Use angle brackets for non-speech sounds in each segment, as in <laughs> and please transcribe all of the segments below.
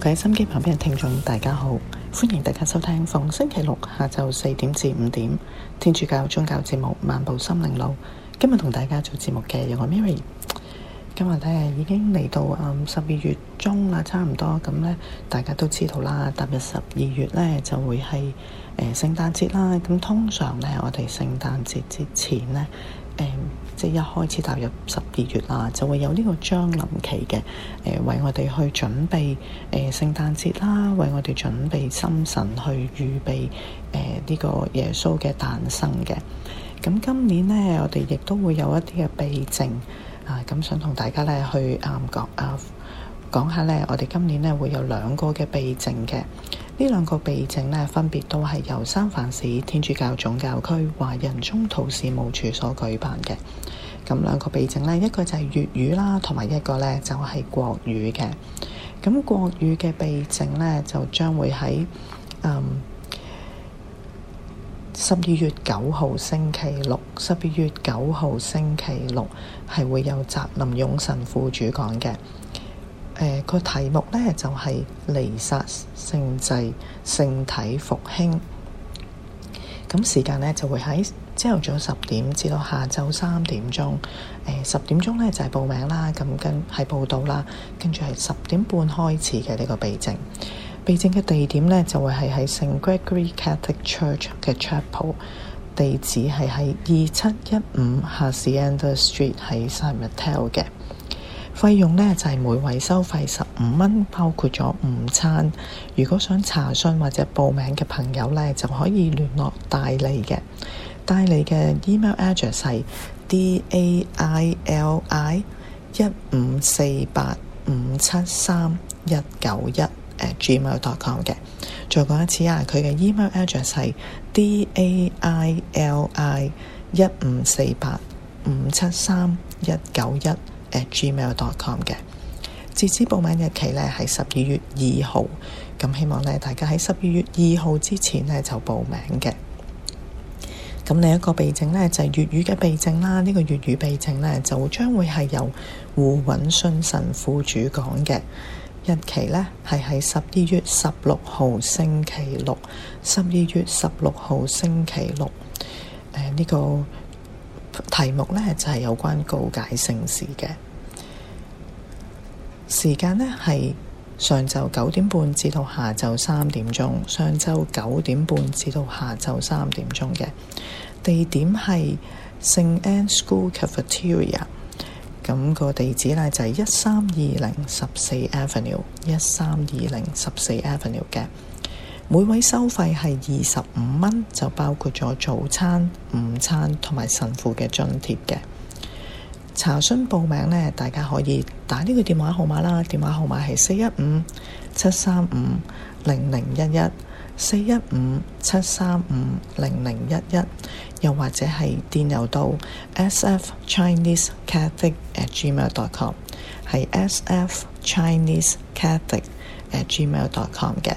各位心機旁邊嘅聽眾，大家好，歡迎大家收聽逢星期六下晝四點至五點天主教宗教節目《漫步心靈路》。今日同大家做節目嘅有個 Mary，今日咧已經嚟到十二、嗯、月中啦，差唔多咁咧，大家都知道啦。踏入十二月咧就會係誒聖誕節啦。咁、呃、通常咧，我哋聖誕節之前咧一開始踏入十二月啦，就會有呢個將臨期嘅誒、呃，為我哋去準備誒聖誕節啦，為我哋準備心神去預備誒呢、呃這個耶穌嘅誕生嘅。咁今年呢，我哋亦都會有一啲嘅避靜啊，咁想同大家咧去講、嗯、啊，講下咧，我哋今年咧會有兩個嘅避靜嘅。呢兩個避靜呢，分別都係由三藩市天主教總教區華人中途事務處所舉辦嘅。咁兩個避靜呢，一個就係粵語啦，同埋一個呢就係國語嘅。咁國語嘅避靜呢，就將會喺嗯，十二月九號星期六，十二月九號星期六係會有習林永神父主講嘅。誒個、呃、題目呢就係彌撒聖祭聖體復興，咁、嗯、時間呢就會喺朝頭早十點至到下晝三點鐘。誒、呃、十點鐘呢就係、是、報名啦，咁跟係報到啦，跟住係十點半開始嘅呢、這個避靜。避靜嘅地點呢就會係喺 St Gregory Catholic Church 嘅 Chapel，地址係喺二七一五 Hacienda Street 喺 San Mateo 嘅。費用呢就係、是、每位收費十五蚊，包括咗午餐。如果想查詢或者報名嘅朋友呢，就可以聯絡戴利嘅。戴利嘅 email address 係 daili 一五四八五七三一九一誒 gmail.com 嘅。再講一次啊，佢嘅 email address 係 daili 一五四八五七三一九一。A I L I at gmail dot com 嘅，截止報名日期咧，係十二月二號，咁希望咧，大家喺十二月二號之前咧就報名嘅。咁另一個備證咧就係、是、粵語嘅備證啦，呢、這個粵語備證咧就將會係由胡允信神父主講嘅，日期咧係喺十二月十六號星期六，十二月十六號星期六，誒、呃、呢、這個。題目呢就係、是、有關告解聖事嘅，時間呢係上晝九點半至到下晝三點鐘，上晝九點半至到下晝三點鐘嘅，地點係聖 Anne School Cafeteria。咁個地址呢就係一三二零十四 Avenue，一三二零十四 Avenue 嘅。每位收費係二十五蚊，就包括咗早餐、午餐同埋神父嘅津貼嘅。查詢報名咧，大家可以打呢個電話號碼啦，電話號碼係四一五七三五零零一一四一五七三五零零一一，11, 11, 又或者係電郵到 s.f.chinese.catholic@gmail.com，係 s.f.chinese.catholic@gmail.com 嘅。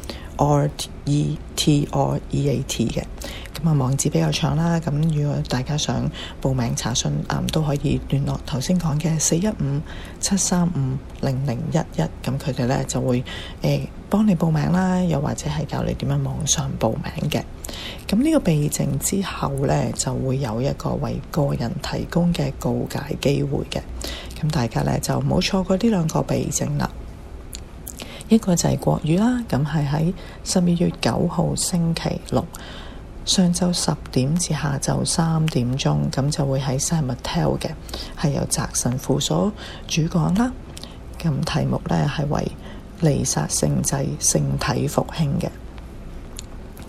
Or e t or e a t 嘅，咁啊網址比較長啦，咁如果大家想報名查詢，嗯都可以聯絡頭先講嘅四一五七三五零零一一，咁佢哋咧就會誒幫、欸、你報名啦，又或者係教你點樣網上報名嘅。咁呢個備證之後咧，就會有一個為個人提供嘅告解機會嘅，咁大家咧就唔好錯過呢兩個備證啦。一個就係國語啦，咁係喺十二月九號星期六上晝十點至下晝三點鐘，咁就會喺西密 tell 嘅，係由澤神父所主講啦。咁題目呢係為彌撒聖祭聖體復興嘅。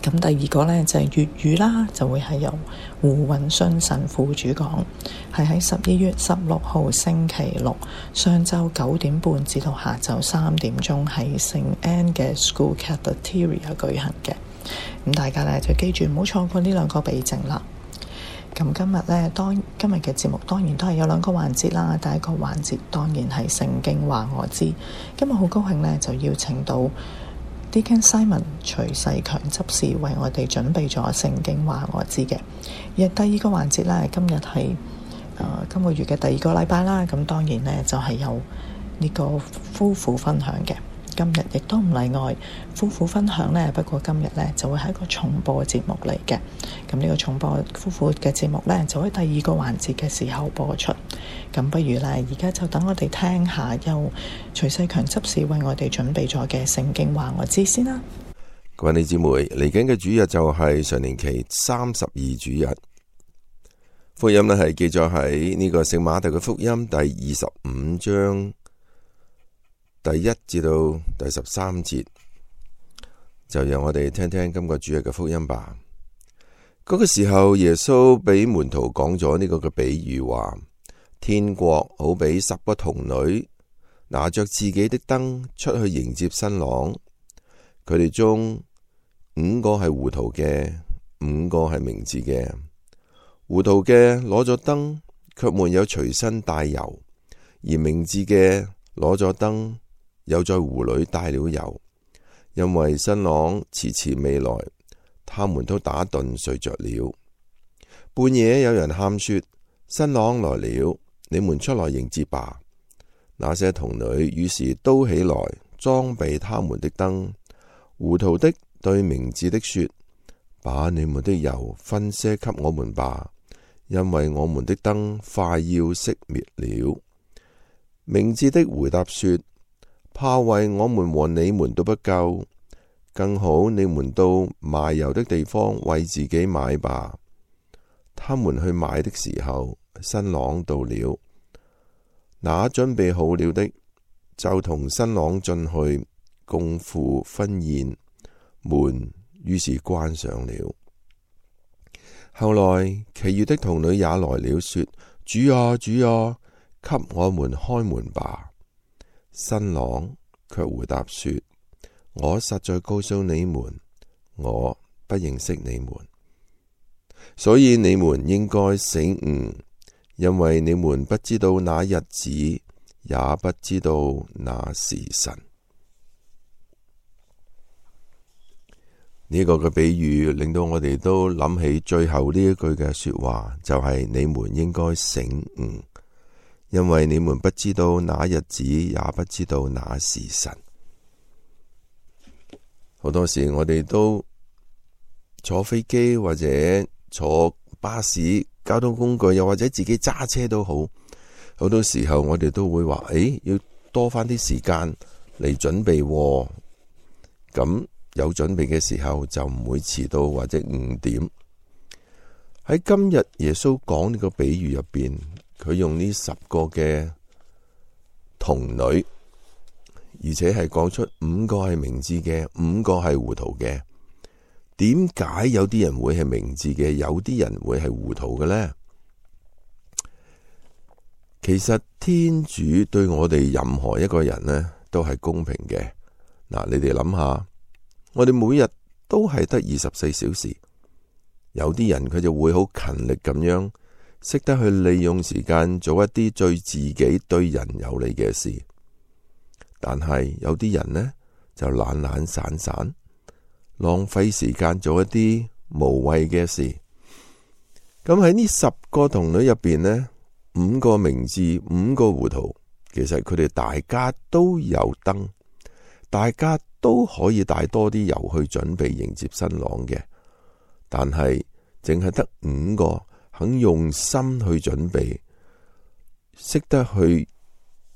咁第二個呢就係粵語啦，就會係由胡運信神父主講，係喺十二月十六號星期六上晝九點半至到下晝三點鐘喺聖 N 嘅 School cafeteria 舉行嘅。咁、嗯、大家咧就記住唔好錯過兩、嗯、呢兩個備證啦。咁今日咧當今日嘅節目當然都係有兩個環節啦。第一個環節當然係聖經話我知。今日好高興咧，就邀請到。Deacon Simon 徐世強執事為我哋準備咗聖經話我知嘅。而第二個環節咧，今日係誒今個月嘅第二個禮拜啦，咁當然咧就係、是、有呢個夫婦分享嘅。今日亦都唔例外，夫婦分享呢。不過今日呢，就會係一個重播嘅節目嚟嘅。咁呢個重播夫婦嘅節目呢，就會喺第二個環節嘅時候播出。咁不如呢，而家就等我哋聽下由徐世強執事為我哋準備咗嘅《聖經話我知》先啦。各位你姊妹，嚟緊嘅主日就係常年期三十二主日，福音呢係記載喺呢個聖馬竇嘅福音第二十五章。第一至到第十三節，就讓我哋聽聽今個主日嘅福音吧。嗰個時候，耶穌俾門徒講咗呢個嘅比喻話：天國好比十個童女，拿着自己的燈出去迎接新郎。佢哋中五個係糊塗嘅，五個係明智嘅。糊塗嘅攞咗燈，卻沒有隨身帶油；而明智嘅攞咗燈。又在湖裏帶了油，因為新郎遲遲未來，他們都打盹睡着了。半夜有人喊說：新郎來了，你們出來迎接吧。那些童女於是都起來裝備他們的燈。糊塗的對明智的說：把你們的油分些給我們吧，因為我們的燈快要熄滅了。明智的回答說：怕為我們和你們都不夠，更好你們到賣油的地方為自己買吧。他們去買的時候，新郎到了，那準備好了的就同新郎進去共赴婚宴。門於是關上了。後來其餘的童女也來了，說：主啊，主啊，給我們開門吧！新郎卻回答說：我實在告訴你們，我不認識你們，所以你們應該醒悟，因為你們不知道那日子，也不知道那時辰。呢、這個嘅比喻令到我哋都諗起最後呢一句嘅說話，就係、是、你們應該醒悟。因為你們不知道那日子，也不知道那時辰。好多時我哋都坐飛機或者坐巴士交通工具，又或者自己揸車都好。好多時候我哋都會話：，誒、哎，要多翻啲時間嚟準備。咁、哦、有準備嘅時候就唔會遲到或者誤點。喺今日耶穌講呢個比喻入邊。佢用呢十個嘅童女，而且係講出五個係明智嘅，五個係糊塗嘅。點解有啲人會係明智嘅，有啲人會係糊塗嘅呢？其實天主對我哋任何一個人咧都係公平嘅。嗱，你哋諗下，我哋每日都係得二十四小時，有啲人佢就會好勤力咁樣。識得去利用時間做一啲對自己對人有利嘅事，但係有啲人呢就懶懶散散，浪費時間做一啲無謂嘅事。咁喺呢十個童女入邊呢，五個明智、五個糊塗。其實佢哋大家都有燈，大家都可以帶多啲油去準備迎接新郎嘅，但係淨係得五個。肯用心去準備，識得去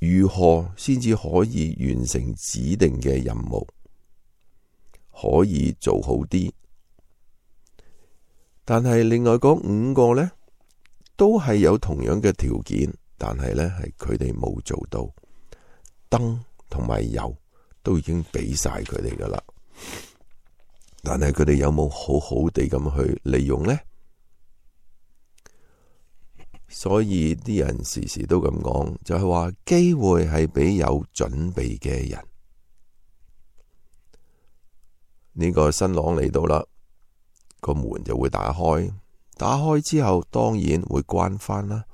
如何先至可以完成指定嘅任務，可以做好啲。但係另外嗰五個呢，都係有同樣嘅條件，但係呢，係佢哋冇做到。燈同埋油都已經俾晒佢哋噶啦，但係佢哋有冇好好地咁去利用呢？所以啲人時時都咁講，就係話機會係俾有準備嘅人。呢個新郎嚟到啦，個門就會打開。打開之後，當然會關翻啦。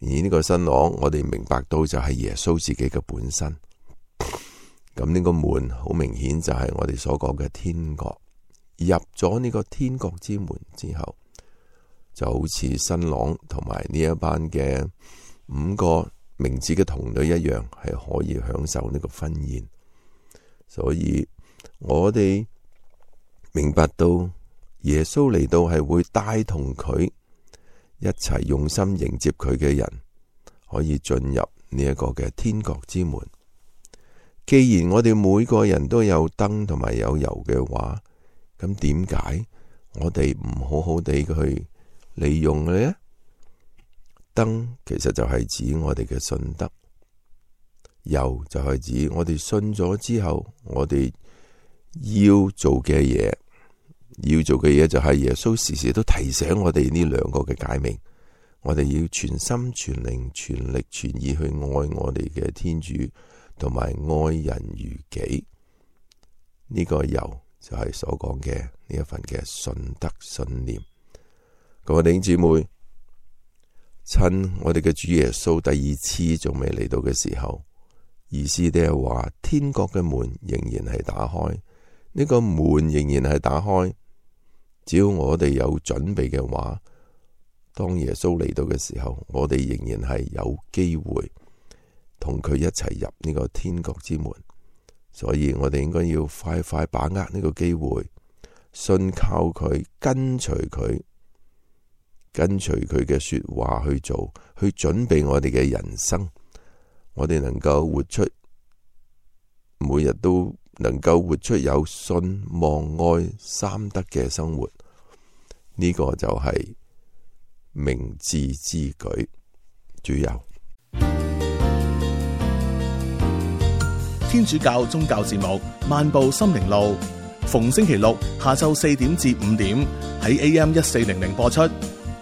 而呢個新郎，我哋明白到就係耶穌自己嘅本身。咁呢個門好明顯就係我哋所講嘅天國。入咗呢個天國之門之後，就好似新郎同埋呢一班嘅五個明智嘅童女一樣，係可以享受呢個婚宴。所以我哋明白到耶穌嚟到，係會帶同佢一齊用心迎接佢嘅人，可以進入呢一個嘅天國之門。既然我哋每個人都有燈同埋有油嘅話，咁點解我哋唔好好地去？利用嘅咧，登其實就係指我哋嘅信德，油就係指我哋信咗之後，我哋要做嘅嘢，要做嘅嘢就係耶穌時時都提醒我哋呢兩個嘅解明，我哋要全心全靈全力全意去愛我哋嘅天主，同埋愛人如己，呢、這個油就係所講嘅呢一份嘅信德信念。各位弟兄姊妹，趁我哋嘅主耶穌第二次仲未嚟到嘅時候，意思就係話天國嘅門仍然係打開，呢個門仍然係打開。只要我哋有準備嘅話，當耶穌嚟到嘅時候，我哋仍然係有機會同佢一齊入呢個天國之門。所以我哋應該要快快把握呢個機會，信靠佢，跟隨佢。跟隨佢嘅說話去做，去準備我哋嘅人生，我哋能夠活出，每日都能夠活出有信望愛三德嘅生活。呢、這個就係明智之舉。主佑，天主教宗教節目《漫步心靈路》，逢星期六下晝四點至五點喺 A.M. 一四零零播出。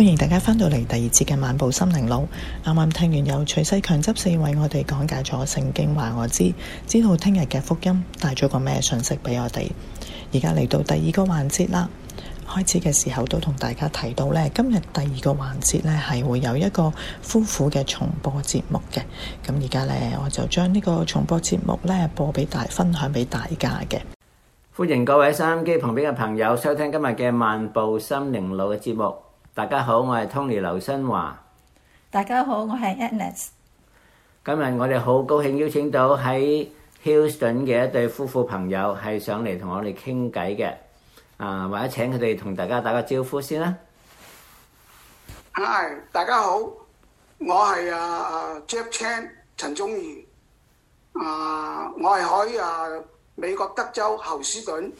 歡迎大家返到嚟第二節嘅《漫步心靈路》。啱、啊、啱聽完有徐世強執四為我哋講解咗聖經話我知，知道聽日嘅福音帶咗個咩信息俾我哋。而家嚟到第二個環節啦，開始嘅時候都同大家提到呢，今日第二個環節呢係會有一個夫婦嘅重播節目嘅。咁而家呢，我就將呢個重播節目呢播俾大，分享俾大家嘅。歡迎各位收音機旁邊嘅朋友收聽今日嘅《漫步心靈路》嘅節目。大家好，我係 Tony 劉新華。大家好，我係 Annex。今日我哋好高興邀請到喺 Houston 嘅一對夫婦朋友係上嚟同我哋傾偈嘅，啊或者請佢哋同大家打個招呼先啦。Hi，大家好，我係啊 Jeff Chen 陳忠義。啊，我係喺啊美國德州休斯頓，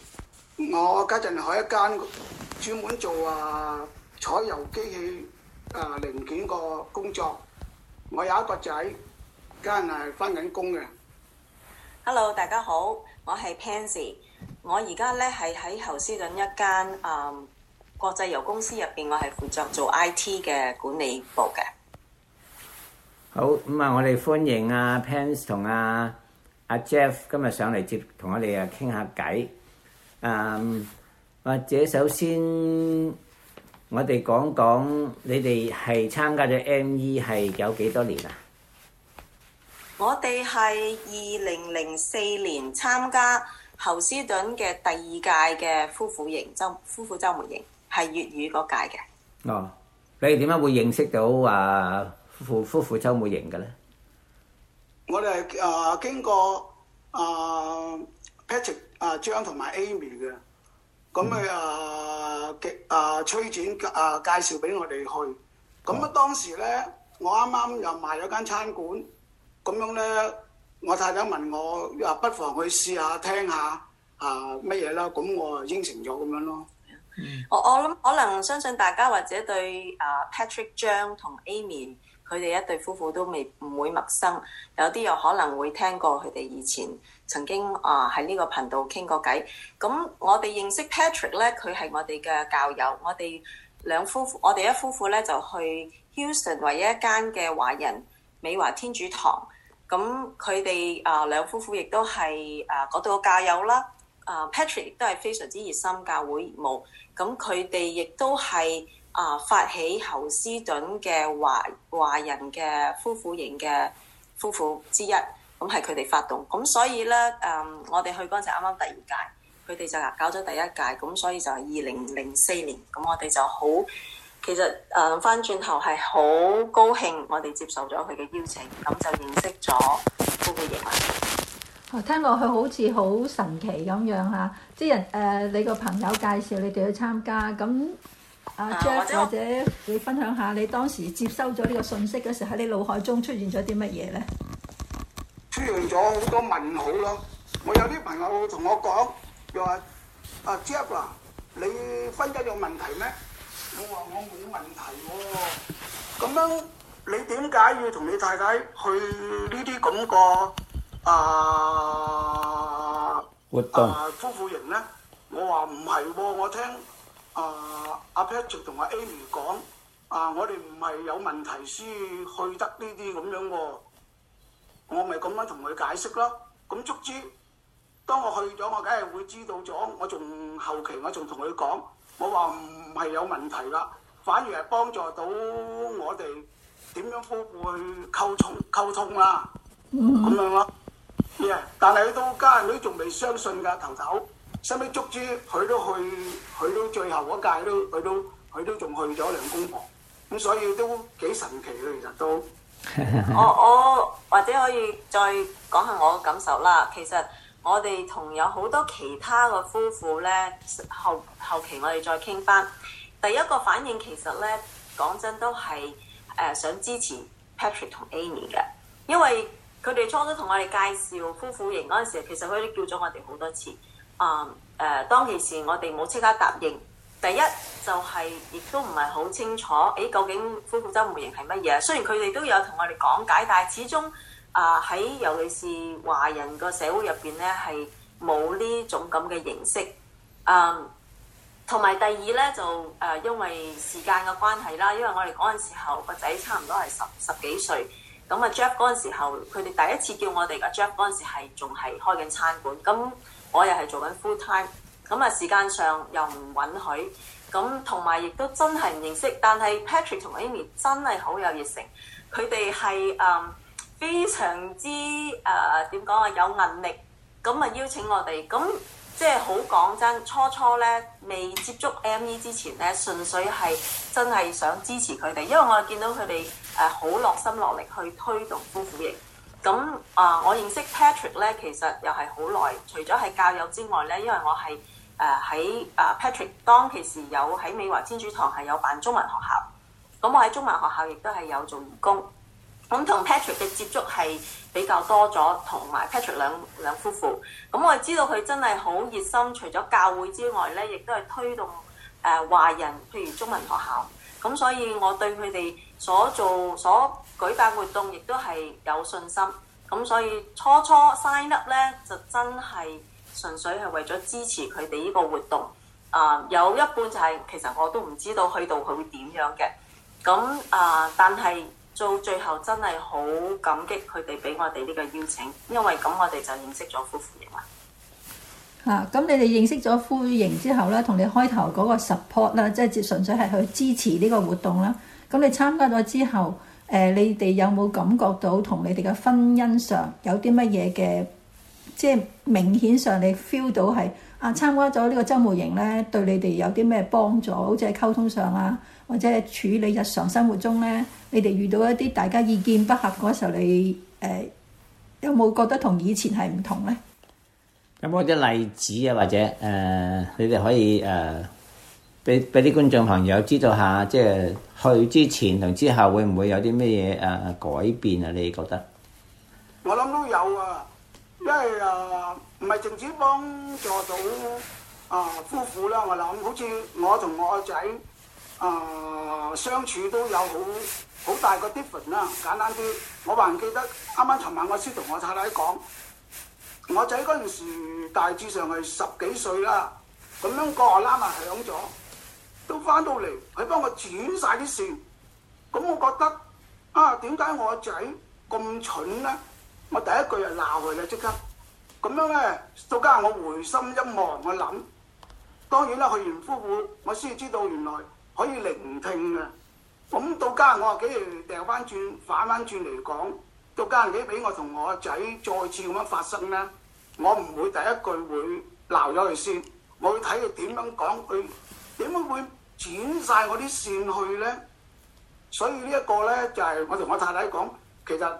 我家陣喺一間專門做啊。採油機器啊零件個工作，我有一個仔，家下係翻緊工嘅。Hello，大家好，我係 Pansy，我而家咧係喺侯斯頓一間啊國際油公司入邊，我係負責做 IT 嘅管理部嘅。好咁啊！我哋歡迎啊 Pansy 同啊啊 Jeff 今日上嚟接同我哋啊傾下偈，嗯，或者首先。我哋講講，你哋係參加咗 M.E 係有幾多年啊？我哋係二零零四年參加侯斯頓嘅第二屆嘅夫婦營周夫婦週末營，係粵語嗰屆嘅。哦，你哋點樣會認識到啊夫夫婦週末營嘅咧？我哋係啊經過啊 Patrick 啊 John 同埋 Amy 嘅。咁佢誒嘅誒吹轉誒介紹俾我哋去，咁啊當時咧，我啱啱又買咗間餐館，咁樣咧，我太太問我誒不妨去試,試聽聽下聽下嚇乜嘢啦，咁、啊、我啊應承咗咁樣咯。嗯，我我諗可能相信大家或者對誒、uh, Patrick 張同 Amy 佢哋一對夫婦都未唔會陌生，有啲又可能會聽過佢哋以前。曾經啊喺呢個頻道傾過偈，咁我哋認識 Patrick 咧，佢係我哋嘅教友，我哋兩夫我哋一夫婦咧就去 Houston 唯一一間嘅華人美華天主堂，咁佢哋啊兩夫婦亦都係啊嗰度嘅教友啦，啊 Patrick 亦都係非常之熱心教會業務，咁佢哋亦都係啊發起侯斯頓嘅華華人嘅夫婦型嘅夫婦之一。咁係佢哋發動，咁所以咧，誒、嗯，我哋去嗰陣啱啱第二屆，佢哋就搞咗第一屆，咁所以就係二零零四年，咁我哋就好，其實誒翻轉頭係好高興，我哋接受咗佢嘅邀請，咁就認識咗高貴盈。聽落去好似好神奇咁樣吓，即係誒、呃、你個朋友介紹你哋去參加，咁阿 Jeff 或者你分享下你當時接收咗呢個信息嘅時候喺你腦海中出現咗啲乜嘢咧？出現咗好多問號咯！我有啲朋友同我講，又、就、話、是：阿、啊、Jeff 你婚姻有問題咩？我話我冇問題喎、哦。咁樣你點解要同你太太去呢啲咁個啊活動啊夫婦營咧？我話唔係喎，我聽啊阿 Patrick 同阿 Amy 講啊，我哋唔係有問題先去得呢啲咁樣喎、哦。我咪咁樣同佢解釋咯，咁足之，當我去咗，我梗係會知道咗，我仲後期我仲同佢講，我話唔係有問題啦，反而係幫助到我哋點樣科普去溝通溝通啦，咁樣咯。Yeah，但係到家人都仲未相信㗎，頭頭，最後尾足之佢都去，佢都最後嗰屆都佢都佢都仲去咗兩公婆，咁所以都幾神奇嘅，其實都。 <laughs> 我我或者可以再講下我嘅感受啦。其實我哋同有好多其他嘅夫婦咧，後後期我哋再傾翻。第一個反應其實咧，講真都係誒、呃、想支持 Patrick 同 Amy 嘅，因為佢哋初初同我哋介紹夫婦型嗰陣時，其實佢都叫咗我哋好多次。嗯誒、呃，當其時我哋冇即刻答應。第一就係、是、亦都唔係好清楚，誒究竟恢復週模型係乜嘢？雖然佢哋都有同我哋講解，但係始終啊喺尤其是華人個社會入邊咧，係冇呢種咁嘅形式。嗯，同埋第二咧就誒、呃，因為時間嘅關係啦，因為我哋嗰陣時候個仔差唔多係十十幾歲，咁啊 Jack 嗰陣時候，佢哋第一次叫我哋嘅 Jack 嗰陣時係仲係開緊餐館，咁我又係做緊 full time。咁啊，時間上又唔允許，咁同埋亦都真係唔認識。但係 Patrick 同 Amy 真係好有熱誠，佢哋係誒非常之誒點講啊，有韌力，咁啊邀請我哋。咁即係好講真，初初咧未接觸 M.E. 之前咧，純粹係真係想支持佢哋，因為我見到佢哋誒好落心落力去推動夫婦營。咁啊，我認識 Patrick 咧，其實又係好耐，除咗係教友之外咧，因為我係。誒喺啊 Patrick 當其時有喺美華天主堂係有辦中文學校，咁我喺中文學校亦都係有做義工，咁同 Patrick 嘅接觸係比較多咗，同埋 Patrick 兩兩夫婦，咁我係知道佢真係好熱心，除咗教會之外咧，亦都係推動誒、呃、華人，譬如中文學校，咁所以我對佢哋所做所舉辦活動，亦都係有信心，咁所以初初 sign up 咧就真係。純粹係為咗支持佢哋呢個活動，啊、uh, 有一半就係、是、其實我都唔知道去到佢會點樣嘅，咁啊、uh, 但係做最後真係好感激佢哋俾我哋呢個邀請，因為咁我哋就認識咗夫婦營啦。啊，咁你哋認識咗夫婦營之後咧，同你開頭嗰個 support 咧，即係純粹係去支持呢個活動啦。咁你參加咗之後，誒、呃、你哋有冇感覺到同你哋嘅婚姻上有啲乜嘢嘅？即係明顯上你 feel 到係啊，參加咗呢個周末營呢，對你哋有啲咩幫助？好似係溝通上啊，或者係處理日常生活中呢，你哋遇到一啲大家意見不合嗰時候，你誒、呃、有冇覺得同以前係唔同呢？有冇啲例子啊，或者誒、呃，你哋可以誒，俾俾啲觀眾朋友知道下，即係去之前同之後會唔會有啲咩嘢誒改變啊？你覺得？我諗都有啊。因為啊，唔係淨止幫助、助到啊、呃、夫婦啦，我諗好似我同我仔啊、呃、相處都有好好大個 difference 啦。簡單啲，我還記得啱啱尋晚我先同我太太講，我仔嗰陣時大致上係十幾歲啦。咁樣個鈴啊響咗，都翻到嚟，佢幫我轉晒啲事，咁我覺得啊，點解我仔咁蠢咧？我第一句就鬧佢啦，即刻咁樣咧。到家我回心一望，我諗，當然啦，去完夫婦，我先知道原來可以聆聽嘅。咁到家我啊幾時掉翻轉，反翻轉嚟講，到家人幾俾我同我仔再次咁樣發生咧？我唔會第一句會鬧咗佢先，我要睇佢點樣講佢，點樣會剪晒我啲線去咧。所以呢一個咧，就係我同我太太講，其實。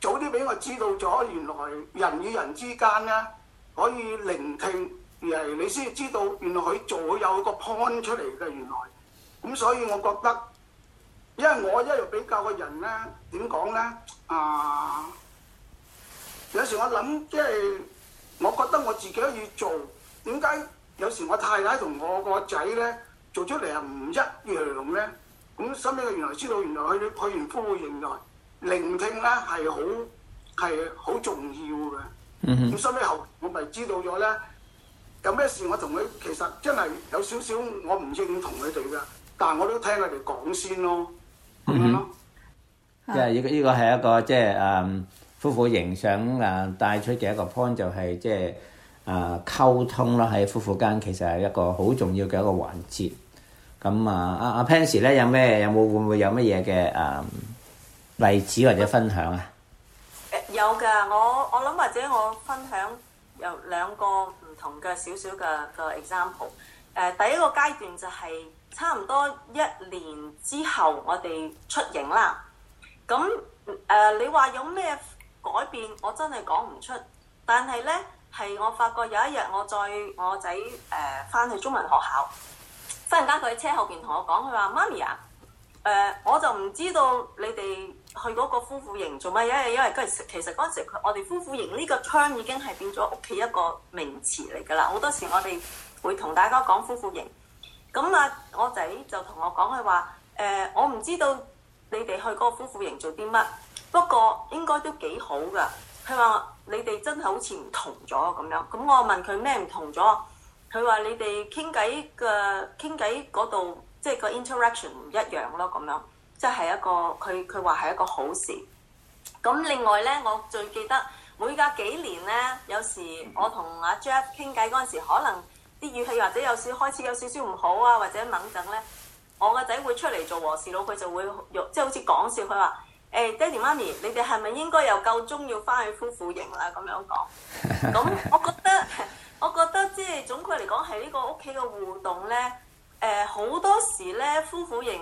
早啲俾我知道咗，原來人與人之間咧可以聆聽，而係你先知道原來佢做有個 point 出嚟嘅原來。咁、嗯、所以我覺得，因為我一路比較個人咧，點講咧啊？有時我諗，即係我覺得我自己都要做。點解有時我太太同我個仔咧做出嚟係唔一樣咧？咁、嗯、身邊佢原來知道，原來佢佢完呼會原來。聆聽咧係好係好重要嘅。咁收尾後我咪知道咗咧，有咩事我同佢其實真係有少少我唔認同佢哋嘅，但係我都聽佢哋講先咯。咁樣咯。即係依個依個係一個即係誒夫婦營想誒帶出嘅一個 point，就係即係誒溝通啦。喺夫婦間其實係一個好重要嘅一個環節。咁啊阿阿 Pansy 咧，有咩有冇會唔會有乜嘢嘅誒？例子或者分享啊？誒、嗯、有㗎，我我諗或者我分享有兩個唔同嘅少少嘅個 example。誒、呃、第一個階段就係差唔多一年之後，我哋出營啦。咁誒、呃、你話有咩改變？我真係講唔出。但係咧係我發覺有一日我載我仔誒返去中文學校，忽然間佢喺車後邊同我講，佢話：媽咪啊，誒、呃、我就唔知道你哋，去嗰個，個，個，個、呃、個夫婦營做乜嘢？因為有係，嗰時其實嗰陣時，我哋夫婦營呢個窗已經係變咗屋企一個名詞嚟㗎啦。好多時我哋會同大家講夫婦營。咁啊，我仔就同我講佢話：誒，我唔知道你哋去嗰個夫婦營做啲乜，不過應該都幾好噶。佢話你哋真係好似唔同咗咁樣。咁我問佢咩唔同咗？佢話你哋傾偈嘅傾偈嗰度，即係、就是、個 interaction 唔一樣咯咁樣。即係一個，佢，佢話係一個好事。咁另外咧，我最記得每隔幾年咧，有時我同阿 Jack 傾偈嗰陣時，可能啲語氣或者有少開始有少少唔好啊，或者掹等咧，我個仔會出嚟做和事佬，佢就會即係好似講笑，佢話：誒，爹哋媽咪，你哋係咪應該又夠鐘要翻去夫婦營啦？咁樣講。咁我覺得， <laughs> 我覺得即係總括嚟講，係呢個屋企嘅互動咧，誒、呃、好多時咧夫婦營。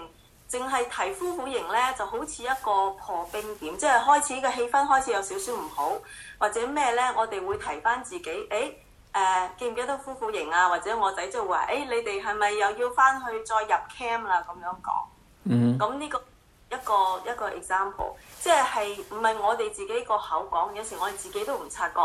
淨係提夫婦型咧，就好似一個破冰點，即係開始嘅氣氛開始有少少唔好，或者咩咧？我哋會提翻自己，誒、欸，誒、呃，記唔記得夫婦型啊？或者我仔就話，誒、欸，你哋係咪又要翻去再入 camp 啦、啊？咁樣講，咁呢、mm hmm。個一個一個 example，即係唔係我哋自己個口講，有時我哋自己都唔察覺。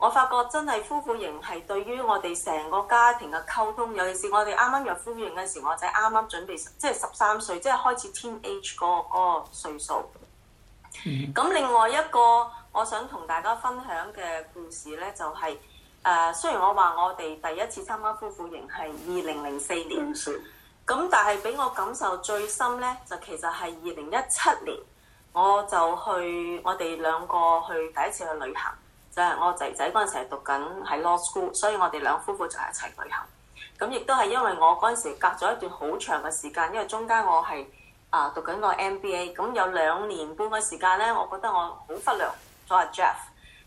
我發覺真係夫婦型係對於我哋成個家庭嘅溝通，尤其是我哋啱啱入夫婦型嗰時候，我仔啱啱準備即係十三歲，即係開始 teenage 嗰個嗰個歲數。咁、嗯、另外一個我想同大家分享嘅故事咧，就係、是、誒、呃、雖然我話我哋第一次參加夫婦型係二零零四年，咁、嗯、但係俾我感受最深咧，就其實係二零一七年，我就去我哋兩個去第一次去旅行。我仔仔嗰陣時係讀緊喺 Law School，所以我哋兩夫婦就一齊旅行。咁亦都係因為我嗰陣時隔咗一段好長嘅時間，因為中間我係啊讀緊個 MBA，咁有兩年半嘅時間咧，我覺得我好忽略咗阿 Jeff，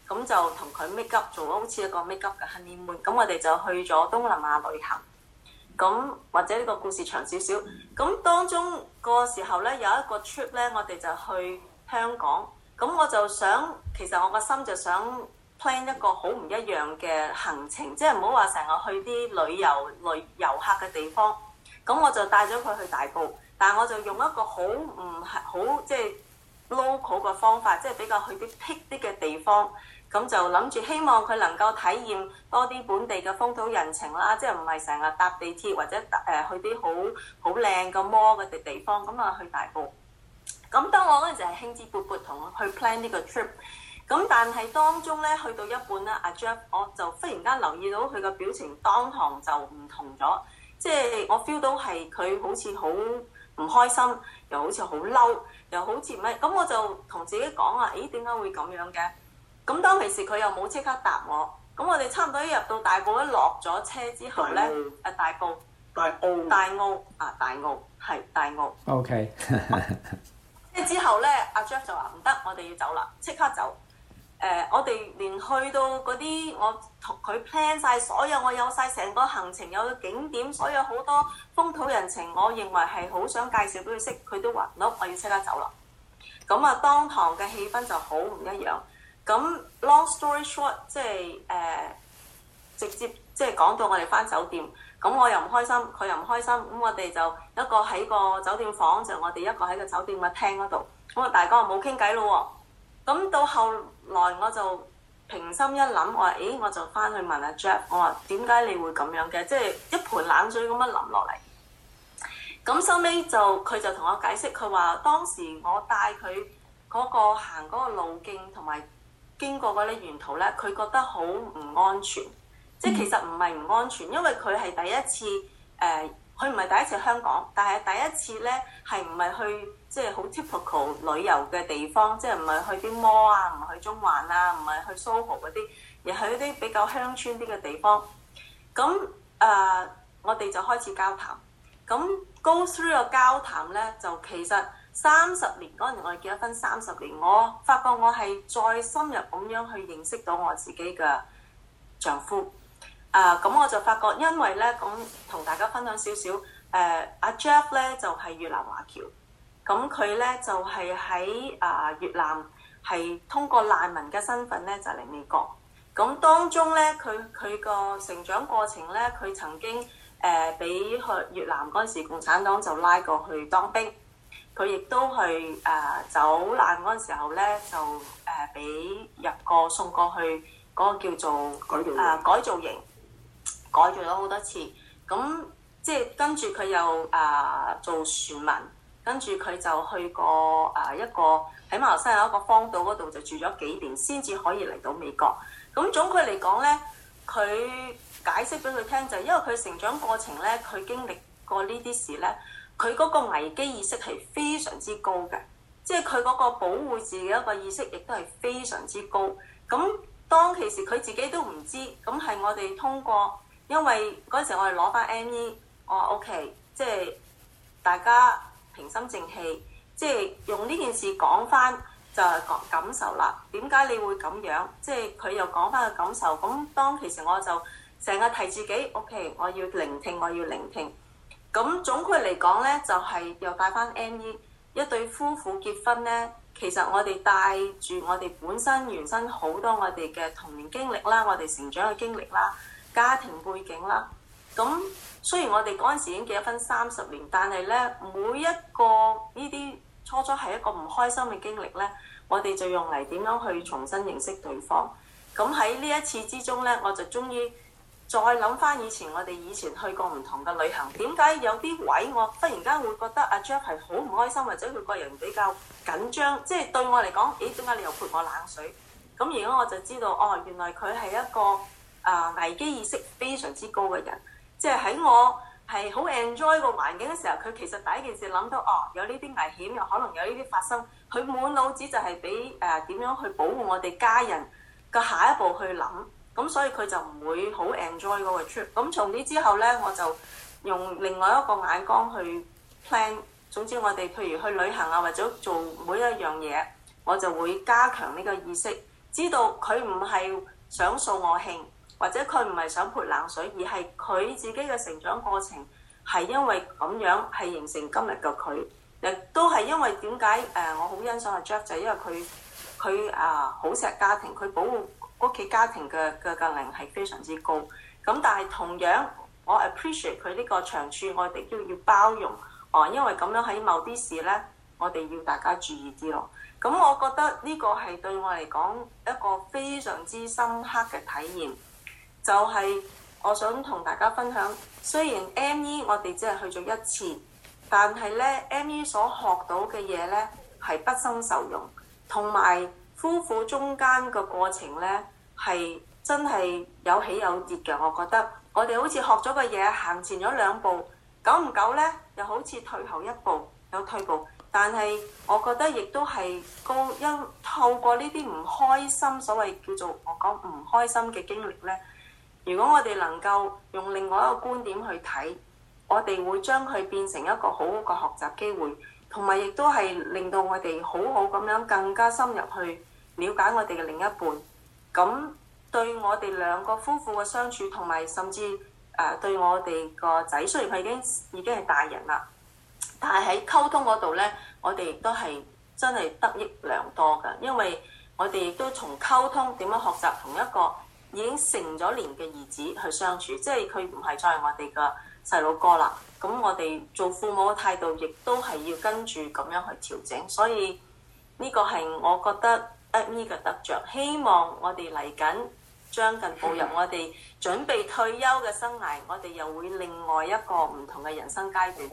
咁就同佢 make up 做好似一個 make up 嘅 honeymoon，咁我哋就去咗東南亞旅行。咁或者呢個故事長少少，咁當中個時候咧有一個 trip 咧，我哋就去香港。咁我就想，其實我個心就想 plan 一個好唔一樣嘅行程，即係唔好話成日去啲旅遊旅遊客嘅地方，咁我就帶咗佢去大埔，但係我就用一個好唔係好即係 local 嘅方法，即係比較去啲僻啲嘅地方，咁就諗住希望佢能夠體驗多啲本地嘅風土人情啦，即係唔係成日搭地鐵或者誒去啲好好靚嘅 mall 嘅地方，咁啊去大埔。咁當我嗰陣係興致勃勃同佢去 plan 呢個 trip。咁但係當中咧，去到一半咧，阿、啊、Jeff 我就忽然間留意到佢嘅表情，當堂就唔同咗，即係我 feel 到係佢好似好唔開心，又好似好嬲，又好似唔係咁，我就同自己講啊，咦點解會咁樣嘅？咁、嗯、當其時佢又冇即刻答我，咁、嗯、我哋差唔多一入到大埔，一落咗車之後咧，阿、嗯啊、大埔、大澳，大澳，啊大澳，係大澳，OK，即 <laughs> 係之後咧，阿、啊、Jeff 就話唔得，我哋要走啦，即刻走。誒、呃，我哋連去到嗰啲，我同佢 plan 晒所有，我有晒成個行程，有個景點，所有好多風土人情，我認為係好想介紹俾佢識，佢都話唔得，我要即刻走啦。咁啊，當堂嘅氣氛就好唔一樣。咁 long story short，即係誒、呃、直接即係講到我哋返酒店。咁我又唔開心，佢又唔開心。咁我哋就一個喺個酒店房，就我哋一個喺個酒店嘅廳嗰度。咁啊，大家冇傾偈咯喎。咁到後來，我就平心一諗，我話，誒、哎，我就翻去問阿 Jack，我話點解你會咁樣嘅？即係一盆冷水咁樣淋落嚟。咁收尾就佢就同我解釋，佢話當時我帶佢嗰個行嗰個路徑同埋經過嗰啲沿途咧，佢覺得好唔安全。即係其實唔係唔安全，因為佢係第一次誒，佢唔係第一次香港，但係第一次咧係唔係去。即係好 typical 旅遊嘅地方，即係唔係去啲摩啊，唔係去中環啊，唔係去蘇豪嗰啲，而係去啲比較鄉村啲嘅地方。咁誒、呃，我哋就開始交談。咁 go through 個交談咧，就其實三十年嗰年我哋結咗婚三十年，我發覺我係再深入咁樣去認識到我自己嘅丈夫。誒、呃，咁我就發覺，因為咧，咁同大家分享少少誒、呃，阿 Jeff 咧就係、是、越南華僑。咁佢咧就係喺啊越南，係通過難民嘅身份咧就嚟美國。咁當中咧，佢佢個成長過程咧，佢曾經誒俾去越南嗰陣時，共產黨就拉過去當兵。佢亦都係啊、呃、走難嗰陣時候咧，就誒俾、呃、入過送過去嗰個叫做啊改造營，改造咗好多次。咁即係跟住佢又啊、呃、做船民。跟住佢就去過啊一個喺馬來西亞一個荒島嗰度就住咗幾年，先至可以嚟到美國。咁總括嚟講咧，佢解釋俾佢聽就係因為佢成長過程咧，佢經歷過呢啲事咧，佢嗰個危機意識係非常之高嘅，即係佢嗰個保護自己一個意識亦都係非常之高。咁當其時佢自己都唔知，咁係我哋通過，因為嗰陣時我哋攞翻 M E，我話 O K，即係大家。平心靜氣，即係用呢件事講翻，就係講感受啦。點解你會咁樣？即係佢又講翻個感受。咁當其實我就成日提自己，OK，我要聆聽，我要聆聽。咁總括嚟講咧，就係、是、又帶翻 N E 一對夫婦結婚咧。其實我哋帶住我哋本身原生好多我哋嘅童年經歷啦，我哋成長嘅經歷啦，家庭背景啦，咁。雖然我哋嗰陣時已經結咗婚三十年，但係咧每一個呢啲初初係一個唔開心嘅經歷咧，我哋就用嚟點樣去重新認識對方。咁喺呢一次之中咧，我就終於再諗翻以前我哋以前去過唔同嘅旅行，點解有啲位我忽然間會覺得阿 Jeff 係好唔開心，或者佢個人比較緊張，即係對我嚟講，咦點解你又潑我冷水？咁而家我就知道，哦原來佢係一個啊危機意識非常之高嘅人。即係喺我係好 enjoy 個環境嘅時候，佢其實第一件事諗到哦，有呢啲危險，又可能有呢啲發生。佢滿腦子就係俾誒點樣去保護我哋家人嘅下一步去諗。咁所以佢就唔會好 enjoy 個 trip。咁從此之後咧，我就用另外一個眼光去 plan。總之我哋譬如去旅行啊，或者做每一樣嘢，我就會加強呢個意識，知道佢唔係想掃我興。或者佢唔係想潑冷水，而係佢自己嘅成長過程係因為咁樣係形成今日嘅佢。亦都係因為點解誒？我好欣賞阿 Jeff 仔，因為佢佢啊好錫家庭，佢保護屋企家庭嘅嘅格齡係非常之高。咁但係同樣我 appreciate 佢呢個長處，我哋都要包容哦。因為咁樣喺某啲事咧，我哋要大家注意啲咯。咁我覺得呢個係對我嚟講一個非常之深刻嘅體驗。就係我想同大家分享，雖然 M.E 我哋只係去咗一次，但係咧 M.E 所學到嘅嘢咧係畢生受用，同埋夫婦中間個過程咧係真係有起有跌嘅。我覺得我哋好似學咗個嘢，行前咗兩步，久唔久咧又好似退後一步，有退步。但係我覺得亦都係高因透過呢啲唔開心，所謂叫做我講唔開心嘅經歷咧。如果我哋能夠用另外一個觀點去睇，我哋會將佢變成一個好好嘅學習機會，同埋亦都係令到我哋好好咁樣更加深入去了解我哋嘅另一半。咁對我哋兩個夫婦嘅相處，同埋甚至誒、呃、對我哋個仔，雖然佢已經已經係大人啦，但係喺溝通嗰度咧，我哋亦都係真係得益良多㗎。因為我哋亦都從溝通點樣學習同一個。已經成咗年嘅兒子去相處，即係佢唔係再係我哋嘅細佬哥啦。咁我哋做父母嘅態度，亦都係要跟住咁樣去調整。所以呢個係我覺得 M E 嘅得着，希望我哋嚟緊將近步入我哋準備退休嘅生涯，我哋又會另外一個唔同嘅人生階段。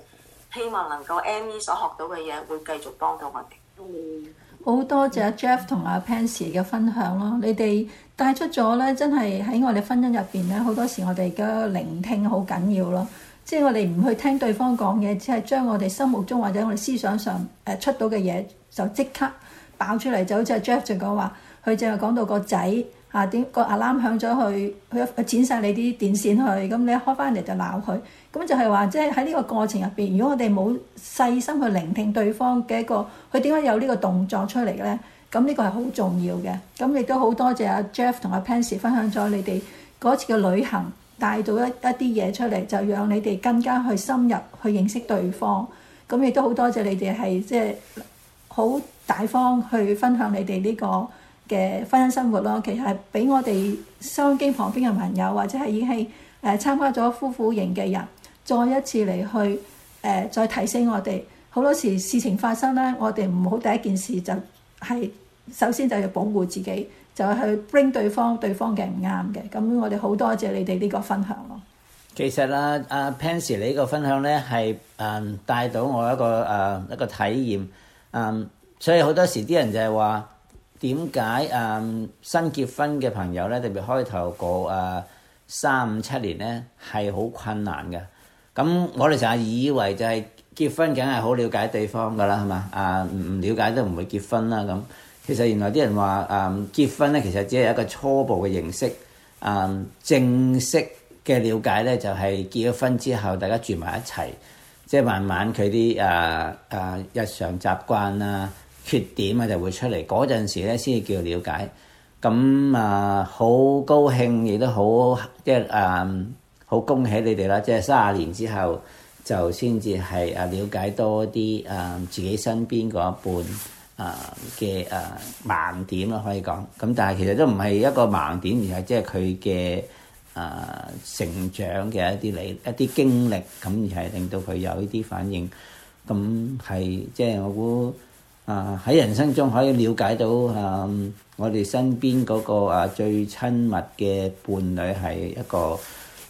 希望能夠 M E 所學到嘅嘢，會繼續幫到我哋。嗯好多謝 Jeff 同阿 Pansy 嘅分享咯。你哋帶出咗咧，真係喺我哋婚姻入邊咧，好多時我哋嘅聆聽好緊要咯。即係我哋唔去聽對方講嘢，只係將我哋心目中或者我哋思想上誒出到嘅嘢就即刻爆出嚟。就好似阿 Jeff 就講話，佢淨係講到個仔嚇點個 alarm 響咗，佢佢剪晒你啲電線去，咁你一開翻嚟就鬧佢。咁就係話，即係喺呢個過程入邊，如果我哋冇細心去聆聽對方嘅一個佢點解有呢個動作出嚟嘅咧，咁呢個係好重要嘅。咁亦都好多謝阿 Jeff 同阿 Pansy 分享咗你哋嗰次嘅旅行，帶到一一啲嘢出嚟，就讓你哋更加去深入去認識對方。咁亦都好多謝你哋係即係好大方去分享你哋呢個嘅婚姻生活咯。其實係俾我哋收音機旁邊嘅朋友或者係已經係誒參加咗夫婦營嘅人。再一次嚟去，誒、呃、再提醒我哋，好多時事情發生咧，我哋唔好第一件事就係、是、首先就要保護自己，就係去 bring 對方對方嘅唔啱嘅。咁我哋好多謝你哋呢個分享咯。其實啦阿、啊、Pansy 你呢個分享咧係誒帶到我一個誒、呃、一個體驗，誒、呃、所以好多時啲人就係話點解誒新結婚嘅朋友咧，特別開頭過誒三五七年咧係好困難嘅。咁我哋成日以為就係結婚，梗係好了解對方㗎啦，係嘛？啊，唔唔了解都唔會結婚啦。咁其實原來啲人話啊，uh, 結婚咧其實只係一個初步嘅認識，啊、uh，正式嘅了解咧就係、是、結咗婚之後，大家住埋一齊，即、就、係、是、慢慢佢啲啊啊日常習慣啊，缺點啊就會出嚟，嗰陣時咧先至叫了解。咁啊，好、uh, 高興亦都好即係啊～、就是好恭喜你哋啦！即係卅年之後就先至係啊，了解多啲啊，自己身邊嗰一半啊嘅啊盲點咯，可以講咁。但係其實都唔係一個盲點，而係即係佢嘅啊成長嘅一啲理一啲經歷，咁而係令到佢有呢啲反應。咁係即係我估啊，喺人生中可以了解到啊，我哋身邊嗰個啊最親密嘅伴侶係一個，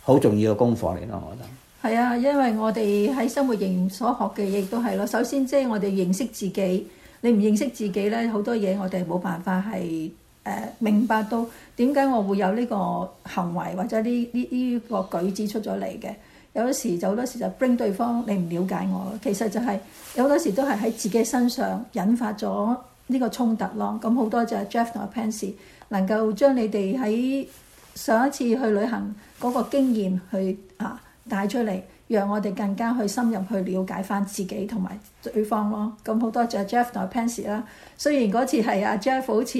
好重要嘅功課嚟咯，我覺得係啊，因為我哋喺生活營所學嘅，亦都係咯。首先，即係我哋認識自己，你唔認識自己咧，好多嘢我哋冇辦法係誒、呃、明白到點解我會有呢個行為或者呢呢呢個舉止出咗嚟嘅。有時就好多時就 bring 對方，你唔了解我了，其實就係有好多時都係喺自己身上引發咗呢個衝突咯。咁好，多謝 Jeff 同 Pansy 能夠將你哋喺上一次去旅行。嗰個經驗去啊帶出嚟，讓我哋更加去深入去了解翻自己同埋對方咯。咁好多謝 Jeff 同 Pansy 啦。雖然嗰次係阿 Jeff 好似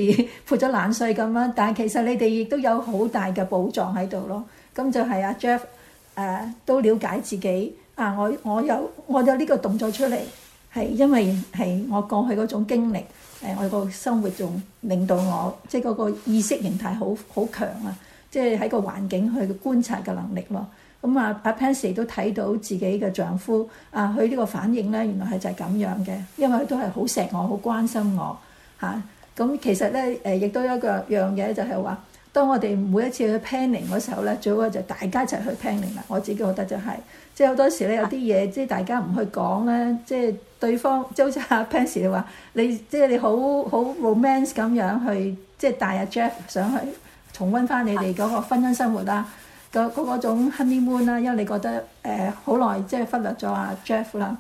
潑咗冷水咁樣，但係其實你哋亦都有好大嘅寶藏喺度咯。咁就係阿 Jeff 誒、啊、都了解自己啊！我我有我有呢個動作出嚟，係因為係我過去嗰種經歷我個生活仲令到我即係嗰個意識形態好好強啊！即係喺個環境去觀察嘅能力咯。咁啊，阿 Pansy 都睇到自己嘅丈夫啊，佢呢個反應咧，原來係就係咁樣嘅。因為佢都係好錫我，好關心我嚇。咁、啊、其實咧，誒亦都有一個樣嘢，就係話，當我哋每一次去 planning 嗰時候咧，最好就大家一齊去 planning 啦。我自己覺得就係、是，即係好多時咧有啲嘢，即係、啊、大家唔去講咧，即、就、係、是、對方，即、就、係、是、好似阿 Pansy 話，你即係、就是、你好好 romance 咁樣去，即、就、係、是、帶阿 Jeff 上去。重溫翻你哋嗰個婚姻生活啦、啊，個嗰種 honeymoon 啦、啊，因為你覺得誒好耐即係忽略咗阿、啊、Jeff 啦、啊。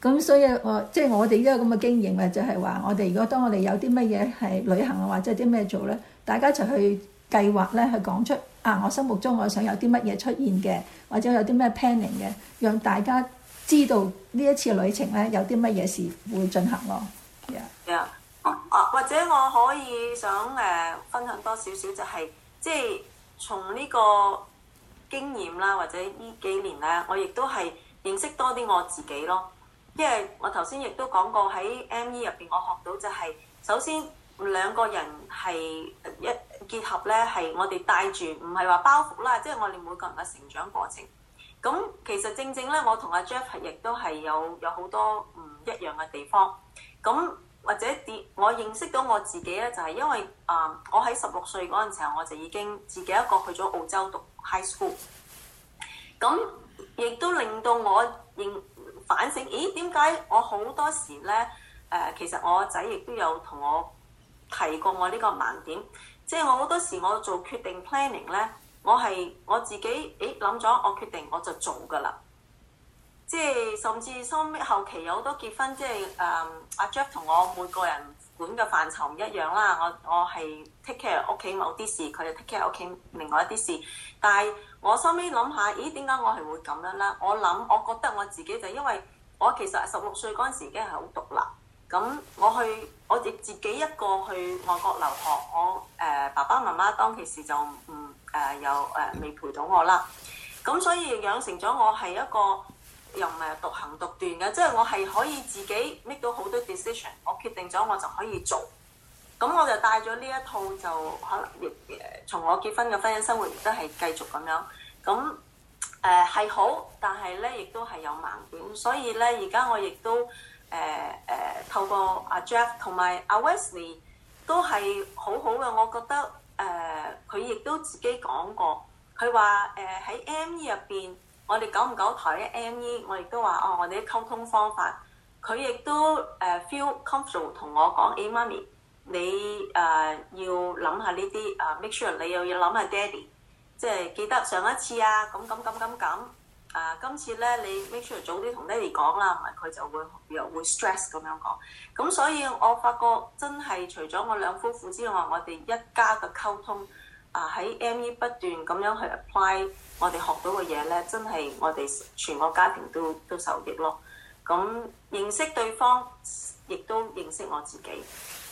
咁所以、呃、即我即係、啊就是、我哋都有咁嘅經營，咪就係話，我哋如果當我哋有啲乜嘢係旅行啊，或者啲咩做咧，大家一齊去計劃咧，去講出啊，我心目中我想有啲乜嘢出現嘅，或者有啲咩 planning 嘅，讓大家知道呢一次旅程咧有啲乜嘢事會進行咯、啊。y、yeah. e、yeah. 啊、或者我可以想誒、呃、分享多少少，就係、是、即係從呢個經驗啦，或者呢幾年咧，我亦都係認識多啲我自己咯。因為我頭先亦都講過喺 M.E 入邊，我學到就係、是、首先兩個人係一結合咧，係我哋帶住唔係話包袱啦，即係我哋每個人嘅成長過程。咁、嗯、其實正正咧，我同阿、啊、Jeff 亦都係有有好多唔一樣嘅地方。咁、嗯或者點？我認識到我自己咧，就係、是、因為啊、呃，我喺十六歲嗰陣時候，我就已經自己一個去咗澳洲讀 high school。咁亦都令到我認反省，咦？點解我好多時咧？誒、呃，其實我仔亦都有同我提過我呢個盲點，即係我好多時我做決定 planning 咧，我係我自己，誒諗咗，我決定我就做㗎啦。即係甚至收尾後期有好多結婚，即係誒阿 Jeff 同我每個人管嘅範疇唔一樣啦。我我係 take care 屋企某啲事，佢就 take care 屋企另外一啲事。但係我收尾諗下，咦？點解我係會咁樣咧？我諗，我覺得我自己就是、因為我其實十六歲嗰陣時已經係好獨立。咁我去我亦自己一個去外國留學，我誒、呃、爸爸媽媽當其時就唔誒又誒未陪到我啦。咁所以養成咗我係一個。又唔係獨行獨斷嘅，即係我係可以自己 make 到好多 decision，我決定咗我就可以做。咁我就帶咗呢一套就可能亦誒、呃，從我結婚嘅婚姻生活亦都係繼續咁樣。咁誒係好，但係咧亦都係有盲點。所以咧而家我亦都誒誒、呃呃、透過阿、啊、Jeff 同埋、啊、阿 Wesley 都係好好嘅，我覺得誒佢亦都自己講過，佢話誒喺 M E 入邊。我哋久唔久台嘅 M.E. 我亦都話哦，我哋啲溝通方法，佢亦都誒 feel comfortable 同我講，誒媽咪，你誒要諗下呢啲啊，make sure 你又要諗下 Daddy，即係記得上一次啊，咁咁咁咁咁，啊今次咧你 make sure 早啲同 Daddy 講啦，唔係佢就會又會 stress 咁樣講。咁所以我發覺真係除咗我兩夫婦之外，我哋一家嘅溝通啊喺 M.E. 不斷咁樣去 apply。我哋學到嘅嘢咧，真係我哋全個家庭都都受益咯。咁認識對方，亦都認識我自己。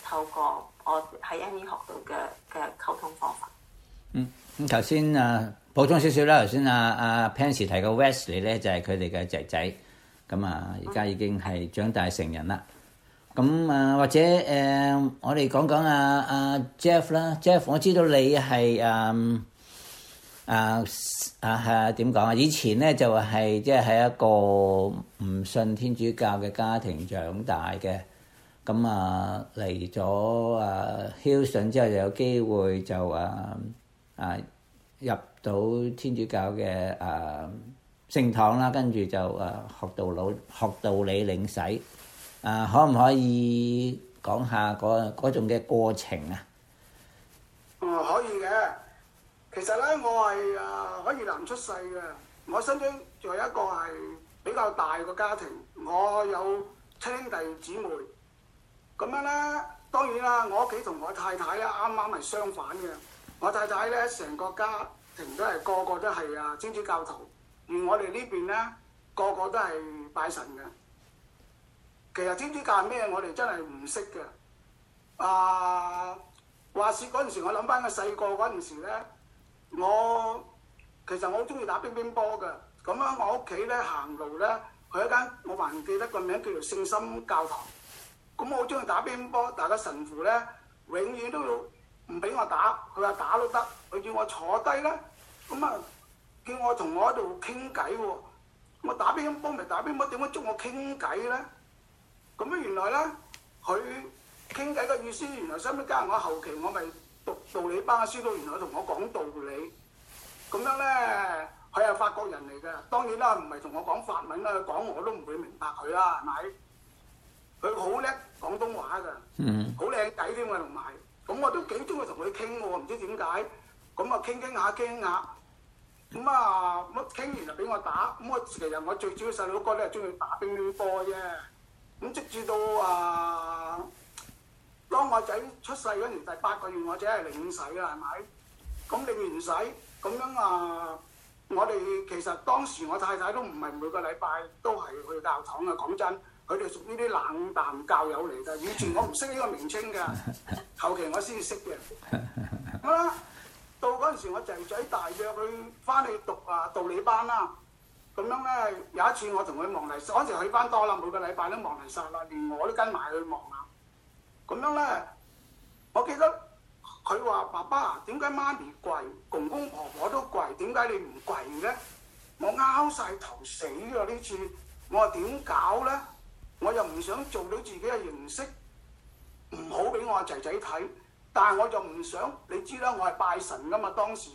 透過我喺 A.M.I 學到嘅嘅溝通方法。嗯，咁頭先啊，補充少少啦。頭先啊啊 Pansy 提過 Wesley 咧，就係佢哋嘅仔仔。咁啊，而家已經係長大成人啦。咁啊，或者誒，我哋講講啊啊 Jeff 啦，Jeff，我知道你係誒。啊啊係啊，點講啊？以前咧，就係即係喺一個唔信天主教嘅家庭長大嘅，咁啊嚟咗啊 Hilton 之後就有機會就啊啊入到天主教嘅啊聖堂啦，跟住就啊學道老學道理領洗啊，可唔可以講下嗰嗰種嘅過程啊？哦，可以嘅。其實咧，我係誒喺越南出世嘅。我身邊仲有一個係比較大嘅家庭，我有七兄弟姊妹。咁樣咧，當然啦，我屋企同我太太咧啱啱係相反嘅。我太太咧，成個家庭都係個個都係啊，天主教徒；而我哋呢邊咧，個個都係拜神嘅。其實天主教係咩，我哋真係唔識嘅。啊，話説嗰陣時，我諗翻個細個嗰陣時咧。我其實我好中意打乒乓波嘅，咁、嗯、咧我屋企咧行路咧，佢一間我還記得個名叫做聖心教堂。咁、嗯、我好中意打乒乓波，但係個神父咧永遠都要唔俾我打，佢話打都得，佢、嗯、叫我坐低咧，咁啊叫我同我喺度傾偈喎。我打乒乓波咪打乒乓波，點樣捉我傾偈咧？咁、嗯、啊、嗯、原來咧，佢傾偈嘅意思原來收尾加我後期我咪。讀道理班嘅書都，原來同我講道理，咁樣咧，佢係法國人嚟嘅，當然啦，唔係同我講法文啦，講我都唔會明白佢啦，係咪？佢好叻廣東話噶好靚仔添喎同埋，咁我都幾中意同佢傾嘅喎，唔知點解，咁啊傾傾下傾下，咁啊乜傾完就俾我打。咁我其實我最主要細佬哥咧中意打乒乓波嘅啫，咁直至到啊。當我仔出世嗰年，第八個月，我仔係領洗啦，係咪？咁領完洗，咁樣啊、呃，我哋其實當時我太太都唔係每個禮拜都係去教堂嘅。講真，佢哋屬於啲冷淡教友嚟嘅。以前我唔識呢個名稱嘅，後期我先識嘅。咁咧，到嗰陣時，我仔仔大約去翻去讀啊道理班啦。咁樣咧，有一次我同佢望彌撒，嗰陣時佢班多啦，每個禮拜都望彌撒啦，連我都跟埋去望。咁樣咧，我記得佢話，爸爸，點解媽咪跪，公公婆婆都跪，點解你唔跪咧？我拗晒頭死啊！呢次我話點搞咧？我又唔想做到自己嘅形式，唔好俾我仔仔睇，但係我就唔想你知啦，我係拜神噶嘛。當時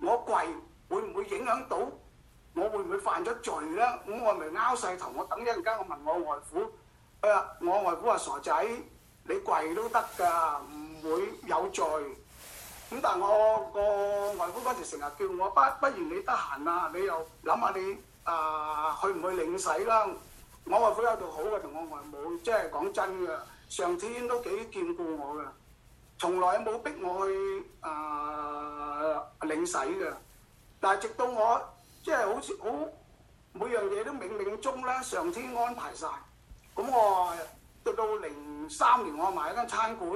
我跪，會唔會影響到我會唔會犯咗罪咧？咁我咪拗晒頭，我等一陣間我問我外父，佢、呃、話我外父話傻仔。你跪都得㗎，唔會有罪。咁、嗯、但係我個外父嗰時成日叫我，不不如你得閒啊，你又諗下你啊、呃、去唔去領洗啦？外有我外父喺度好嘅，同我外母，即係講真嘅，上天都幾眷顧我嘅，從來冇逼我去啊、呃、領洗嘅。但係直到我即係好似好每樣嘢都冥冥中咧，上天安排晒。咁、嗯、我到到零三年我買一間餐館，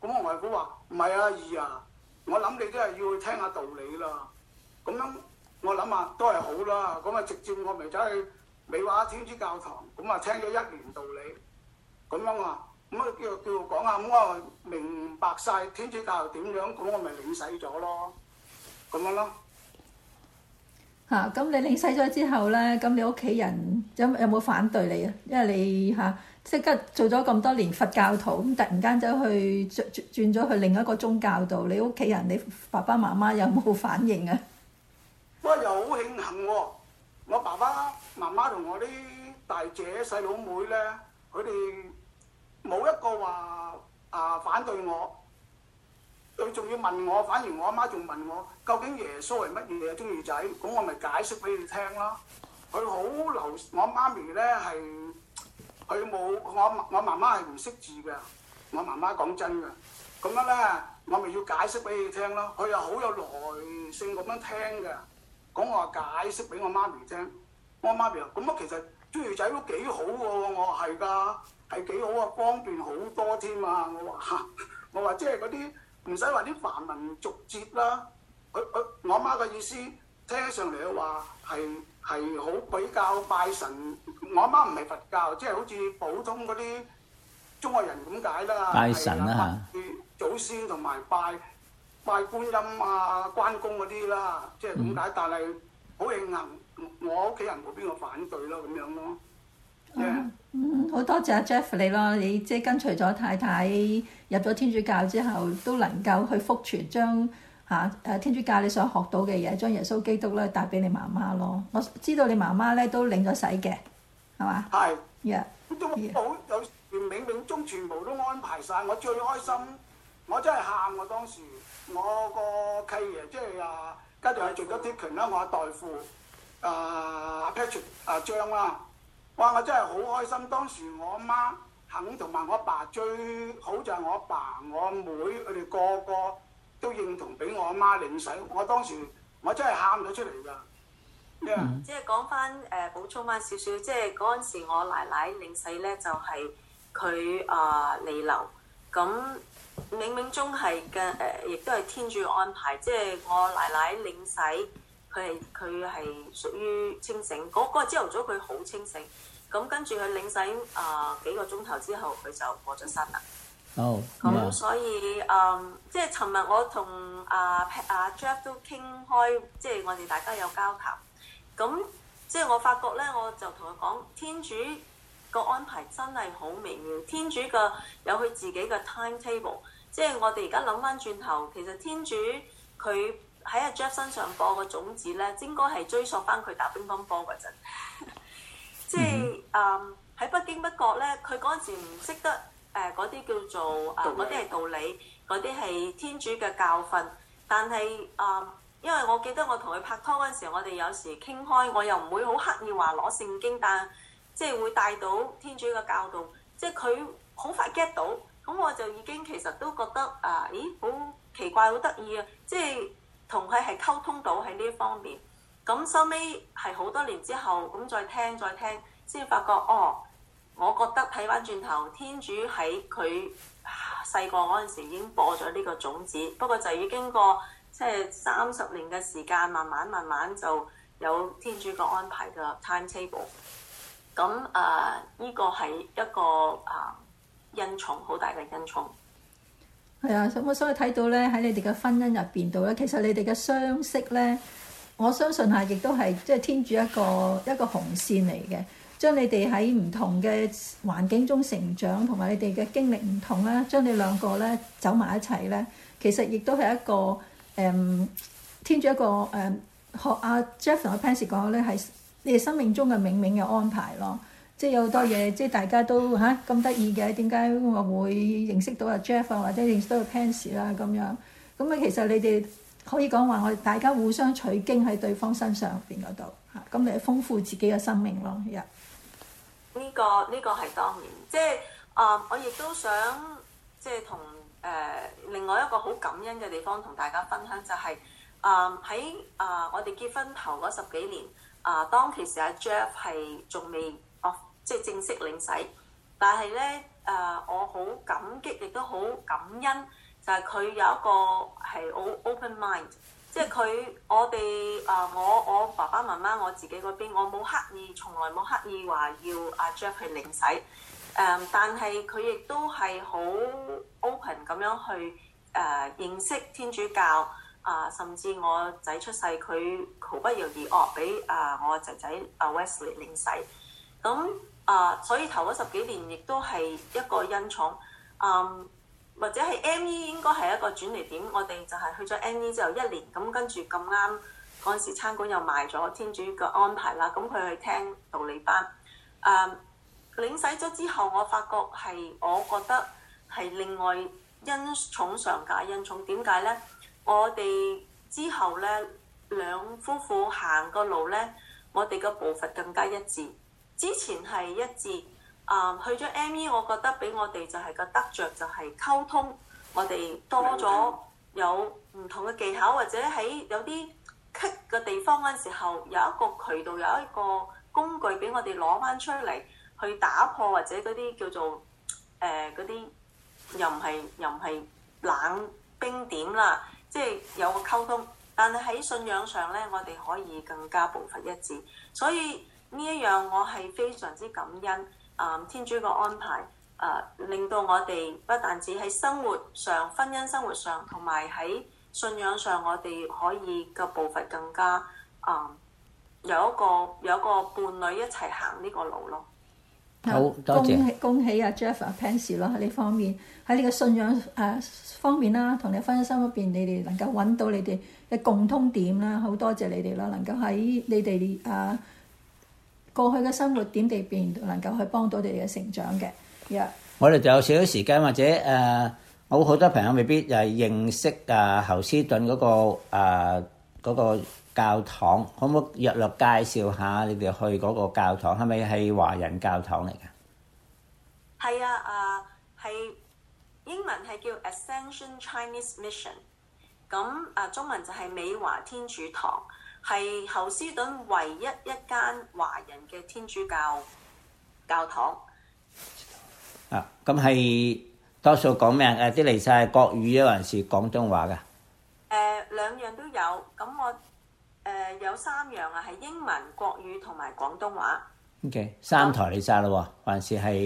咁我外父話，唔係啊二啊，我諗你都係要去聽下道理啦。咁樣我諗下都係好啦。咁啊直接我咪走去美華天主教堂，咁啊聽咗一年道理，咁樣啊，咁啊叫叫講下，咁我明白晒天主教堂點樣，咁我咪領洗咗咯，咁樣咯。嚇！咁你領洗咗之後咧，咁你屋企人有有冇反對你啊？因為你嚇即刻做咗咁多年佛教徒，咁突然間走去轉轉轉咗去另一個宗教度，你屋企人你爸爸媽媽有冇反應啊？不過又好慶幸，我爸爸媽媽同我啲大姐細佬妹咧，佢哋冇一個話啊反對我。佢仲要問我，反而我阿媽仲問我，究竟耶穌係乜嘢？中意仔，咁我咪解釋俾你聽咯。佢好流，我阿媽咪咧係，佢冇我我媽媽係唔識字嘅，我媽媽講真嘅。咁樣咧，我咪要解釋俾你聽咯。佢又好有耐性咁樣聽嘅，咁我話解釋俾我媽咪聽。我阿媽咪話，咁啊，其實中意仔都幾好喎。我話係㗎，係幾好啊，方便好多添啊。我話 <laughs> 我話即係嗰啲。唔使話啲繁文縟節啦，佢佢我阿媽嘅意思聽上嚟嘅話係係好比較拜神，我阿媽唔係佛教，即係好似普通嗰啲中國人咁解啦，拜神啦、啊、嚇，啊、祖先同埋拜拜觀音啊、關公嗰啲啦，即係咁解，嗯、但係好慶幸我屋企人冇邊個反對咯，咁樣咯。Yeah. 嗯，好多謝 Jeff 你咯，你即係跟隨咗太太入咗天主教之後，都能夠去覆傳將嚇誒、啊、天主教你所學到嘅嘢，將耶穌基督咧帶俾你媽媽咯。我知道你媽媽咧都領咗洗嘅，係嘛？係 Hi. Yeah.。若都好有冥冥中全部都安排晒。我最開心，我真係喊我當時我，我個契爺即係啊，跟住係做咗啲權啦，我阿代父，代父啊 Patrick 啊張啦。John，啊哇！我真係好開心，當時我阿媽肯同埋我爸最好就係我阿爸、我阿妹佢哋個個都認同俾我阿媽領洗，我當時我真係喊咗出嚟㗎。咩、yeah. 啊、嗯？即係講翻誒，補充翻少少，即係嗰陣時我奶奶領洗咧，就係佢啊彌留，咁冥冥中係嘅誒，亦都係天主安排，即係我奶奶領洗。佢係佢係屬於清醒，嗰嗰朝頭早佢好清醒，咁跟住佢領洗啊、呃、幾個鐘頭之後佢就過咗身啦。好、oh, yes.，咁所以嗯，即係尋日我同阿啊，啊 Jeff 都傾開，即係我哋大家有交談。咁即係我發覺咧，我就同佢講，天主個安排真係好微妙，天主個有佢自己嘅 time table。即係我哋而家諗翻轉頭，其實天主佢，喺阿 Jeff 身上播個種子咧，應該係追溯翻佢打乒乓波嗰陣，即係嗯喺不經不覺咧，佢嗰陣時唔識得誒嗰啲叫做啊嗰啲係道理，嗰啲係天主嘅教訓。但係啊、呃，因為我記得我同佢拍拖嗰陣時，我哋有時傾開，我又唔會好刻意話攞聖經，但即係會帶到天主嘅教導。即係佢好快 get 到，咁我就已經其實都覺得啊、呃，咦，好奇怪，好得意啊！即係。同佢係溝通到喺呢方面，咁收尾係好多年之後咁再聽再聽，先發覺哦，我覺得睇返轉頭，天主喺佢細個嗰陣時已經播咗呢個種子，不過就要經過即係三十年嘅時間，慢慢慢慢就有天主嘅安排嘅 time table。咁、呃、誒，依、呢個係一個誒恩寵，好、呃、大嘅恩寵。係啊，咁我所以睇到咧，喺你哋嘅婚姻入邊度咧，其實你哋嘅相識咧，我相信下亦都係即係天主一個一個紅線嚟嘅，將你哋喺唔同嘅環境中成長，同埋你哋嘅經歷唔同啦，將你兩個咧走埋一齊咧，其實亦都係一個誒、嗯、天主一個誒、嗯、學阿、啊、Jeff 同阿 Pansy 講咧係你哋生命中嘅冥冥嘅安排咯。即係有好多嘢，即係大家都吓咁得意嘅，點解我會認識到阿 Jeff 啊，或者認識到阿 Pansy 啦、啊、咁樣咁啊？其實你哋可以講話，我哋大家互相取經喺對方身上邊嗰度嚇，咁嚟豐富自己嘅生命咯。呢、yeah. 呢個呢、呢個係當然，即係啊、呃，我亦都想即係同誒、呃、另外一個好感恩嘅地方同大家分享就係啊喺啊我哋結婚頭嗰十幾年啊、呃，當其時阿、啊、Jeff 係仲未。即係正式領洗，但係咧誒，我好感激，亦都好感恩，就係、是、佢有一個係好 open mind，即係佢我哋誒、呃、我我爸爸媽媽我自己嗰邊，我冇刻意，從來冇刻意話要阿 Jeff 去領洗誒、呃，但係佢亦都係好 open 咁樣去誒、呃、認識天主教啊、呃，甚至我仔出世，佢毫不猶豫惡俾啊、呃、我仔仔阿、呃、Wesley 領洗，咁、嗯。啊，uh, 所以頭嗰十幾年亦都係一個恩寵，嗯、um,，或者係 M E 應該係一個轉嚟點，我哋就係去咗 M E 之後一年，咁跟住咁啱嗰陣時餐館又賣咗天主嘅安排啦，咁佢去聽道理班，嗯、um,，領洗咗之後，我發覺係我覺得係另外恩寵上加恩寵，點解咧？我哋之後咧兩夫婦行個路咧，我哋個步伐更加一致。之前係一致，啊、呃、去咗 M.E，我覺得俾我哋就係個「得着」，就係溝通，我哋多咗有唔同嘅技巧，或者喺有啲棘嘅地方嗰陣時候，有一個渠道，有一個工具俾我哋攞翻出嚟去打破或者嗰啲叫做誒嗰啲又唔係又唔係冷冰點啦，即係有個溝通。但係喺信仰上咧，我哋可以更加步伐一致，所以。呢一樣，我係非常之感恩啊、嗯！天主個安排啊、呃，令到我哋不但止喺生活上、婚姻生活上，同埋喺信仰上，我哋可以個步伐更加啊、嗯，有一個有一個伴侶一齊行呢個路咯。好，多謝、啊、恭喜、恭喜啊 Jeff、Pansy 啦！喺呢方面喺呢個信仰誒方面啦，同你婚姻生活邊，你哋能夠揾到你哋嘅共通點啦，好多謝你哋啦，能夠喺你哋啊～過去嘅生活點地變能夠去幫到你哋嘅成長嘅。若我哋就有少少時間或者誒，我好多朋友未必係認識啊侯斯頓嗰個誒嗰個教堂，可唔可以約略介紹下你哋去嗰個教堂係咪係華人教堂嚟㗎？係啊，誒係英文係叫 Ascension Chinese Mission，咁誒中文就係美華天主堂。係侯斯頓唯一一間華人嘅天主教教堂。啊，咁係多數講咩啊？誒，啲彌撒國語啊，還是廣東話噶？誒，兩樣都有。咁我誒有三樣啊，係英文、國語同埋廣東話。O K，三台彌撒咯，還是係？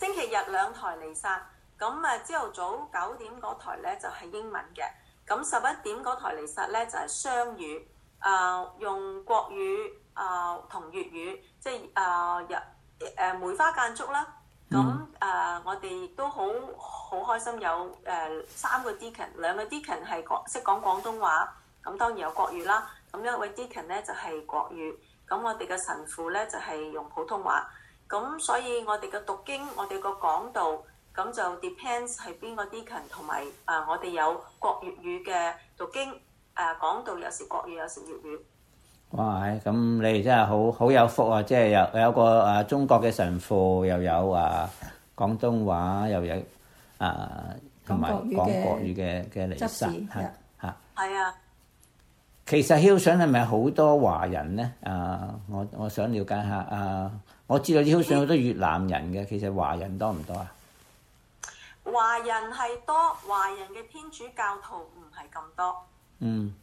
星期日兩台彌撒。咁啊，朝頭早九點嗰台咧就係英文嘅。咁十一點嗰台嚟實咧就係雙語啊，用國語啊同粵語，即係啊日誒梅花間竹啦。咁啊，我哋都好好開心有，有誒三個 deacon 兩個 deacon 係國識講廣東話，咁當然有國語啦。咁一位 deacon 咧就係國語，咁我哋嘅神父咧就係用普通話。咁所以我哋嘅讀經，我哋個講道。咁就 depends 係邊個啲群，同埋啊，我哋有國粵語嘅讀經啊，講到有時國語，有時粵語。哇！係咁，你真係好好有福啊！即係有有個啊中國嘅神父又有啊廣東話又有啊，同埋講國語嘅嘅離散係嚇。係啊，其實 Hillshun 係咪好多華人咧？啊，我我想了解下啊。我知道 Hillshun 好多越南人嘅，其實華人多唔多啊？華人係多，華人嘅天主教徒唔係咁多。嗯，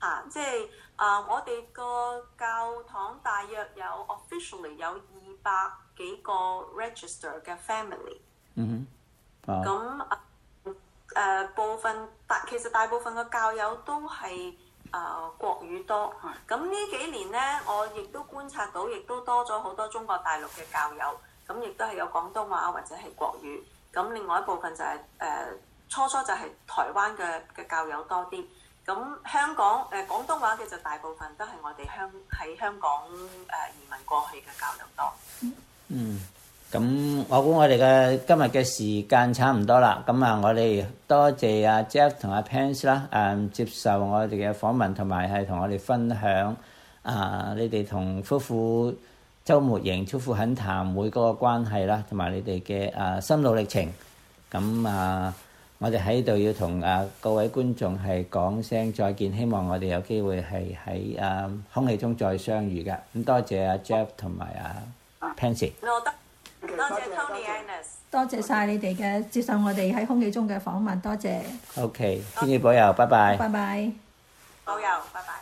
嚇、啊，即係啊、呃，我哋個教堂大約有 officially 有二百幾個 register 嘅 family。嗯，咁、啊、誒、呃、部分大其實大部分嘅教友都係啊、呃、國語多。咁呢、嗯、幾年咧，我亦都觀察到，亦都多咗好多中國大陸嘅教友，咁亦都係有廣東話或者係國語。咁另外一部分就係誒，初初就係台灣嘅嘅教友多啲，咁香港誒，廣東話嘅就大部分都係我哋香喺香港誒，移民過去嘅教友多。嗯，咁我估我哋嘅今日嘅時間差唔多啦，咁啊我哋多謝阿 Jeff 同阿 Pansy 啦，誒，接受我哋嘅訪問同埋係同我哋分享啊，你哋同夫婦。週末迎出富懇談會嗰個關係啦，同埋你哋嘅啊心路歷程。咁啊，我哋喺度要同啊各位觀眾係講聲再見，希望我哋有機會係喺空氣中再相遇嘅。咁多謝阿 Jeff 同埋阿 Pansy，多謝 Tony，多謝曬你哋嘅接受我哋喺空氣中嘅訪問，多謝。O.K. 天主保佑，拜拜。拜拜，保佑，拜拜。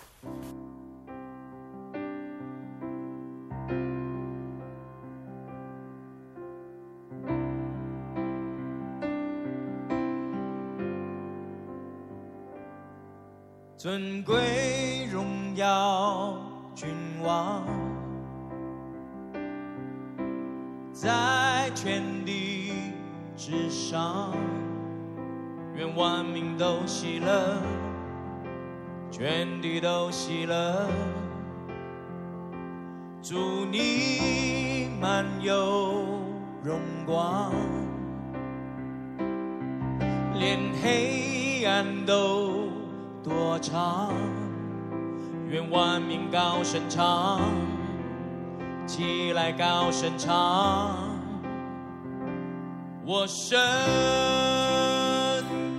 尊貴榮耀君王，在全地之上，願萬民都喜樂，全地都喜樂，祝你滿有榮光，連黑暗都。多長？願萬民高聲唱，起來高聲唱！我神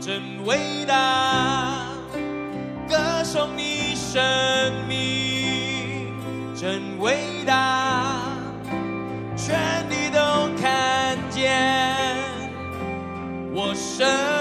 真偉大，歌頌你神明真偉大，全地都看見我神。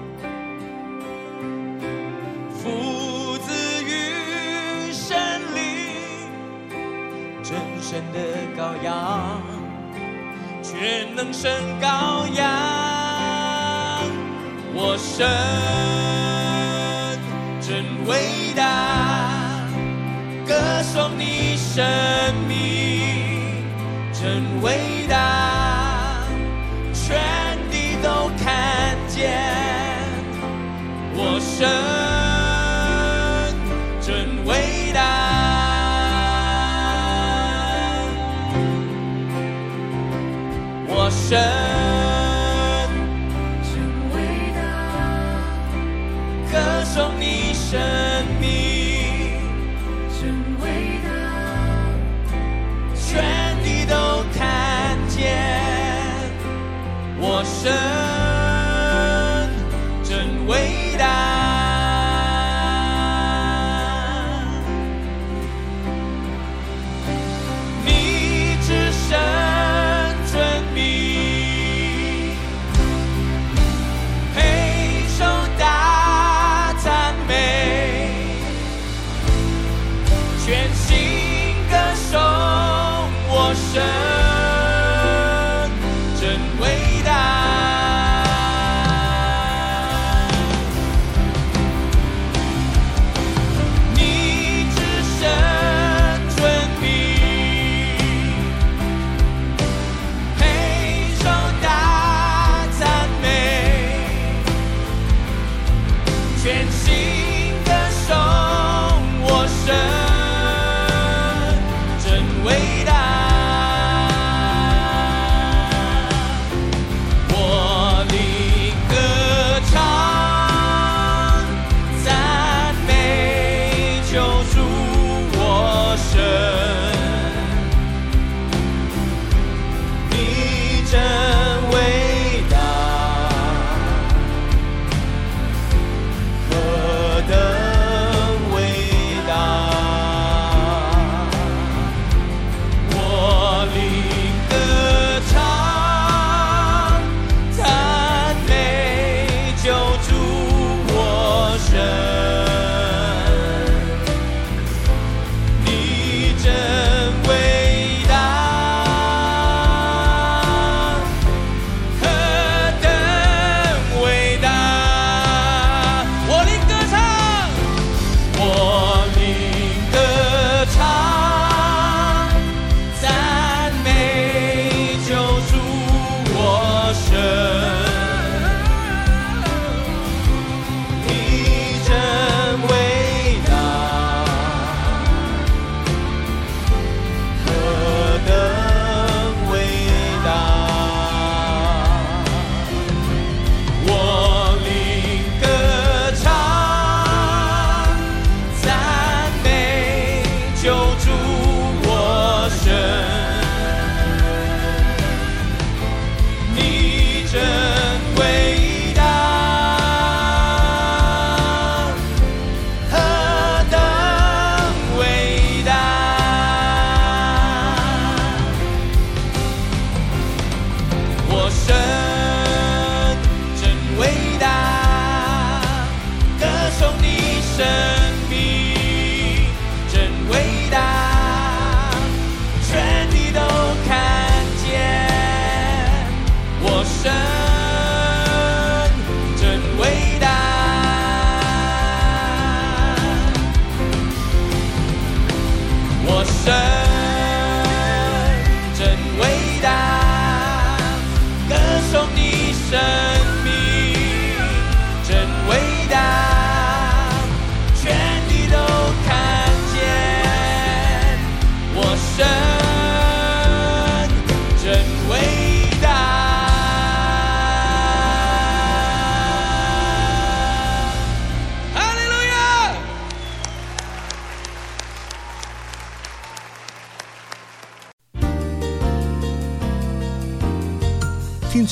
全能生羔羊，我神真偉大，歌頌你神。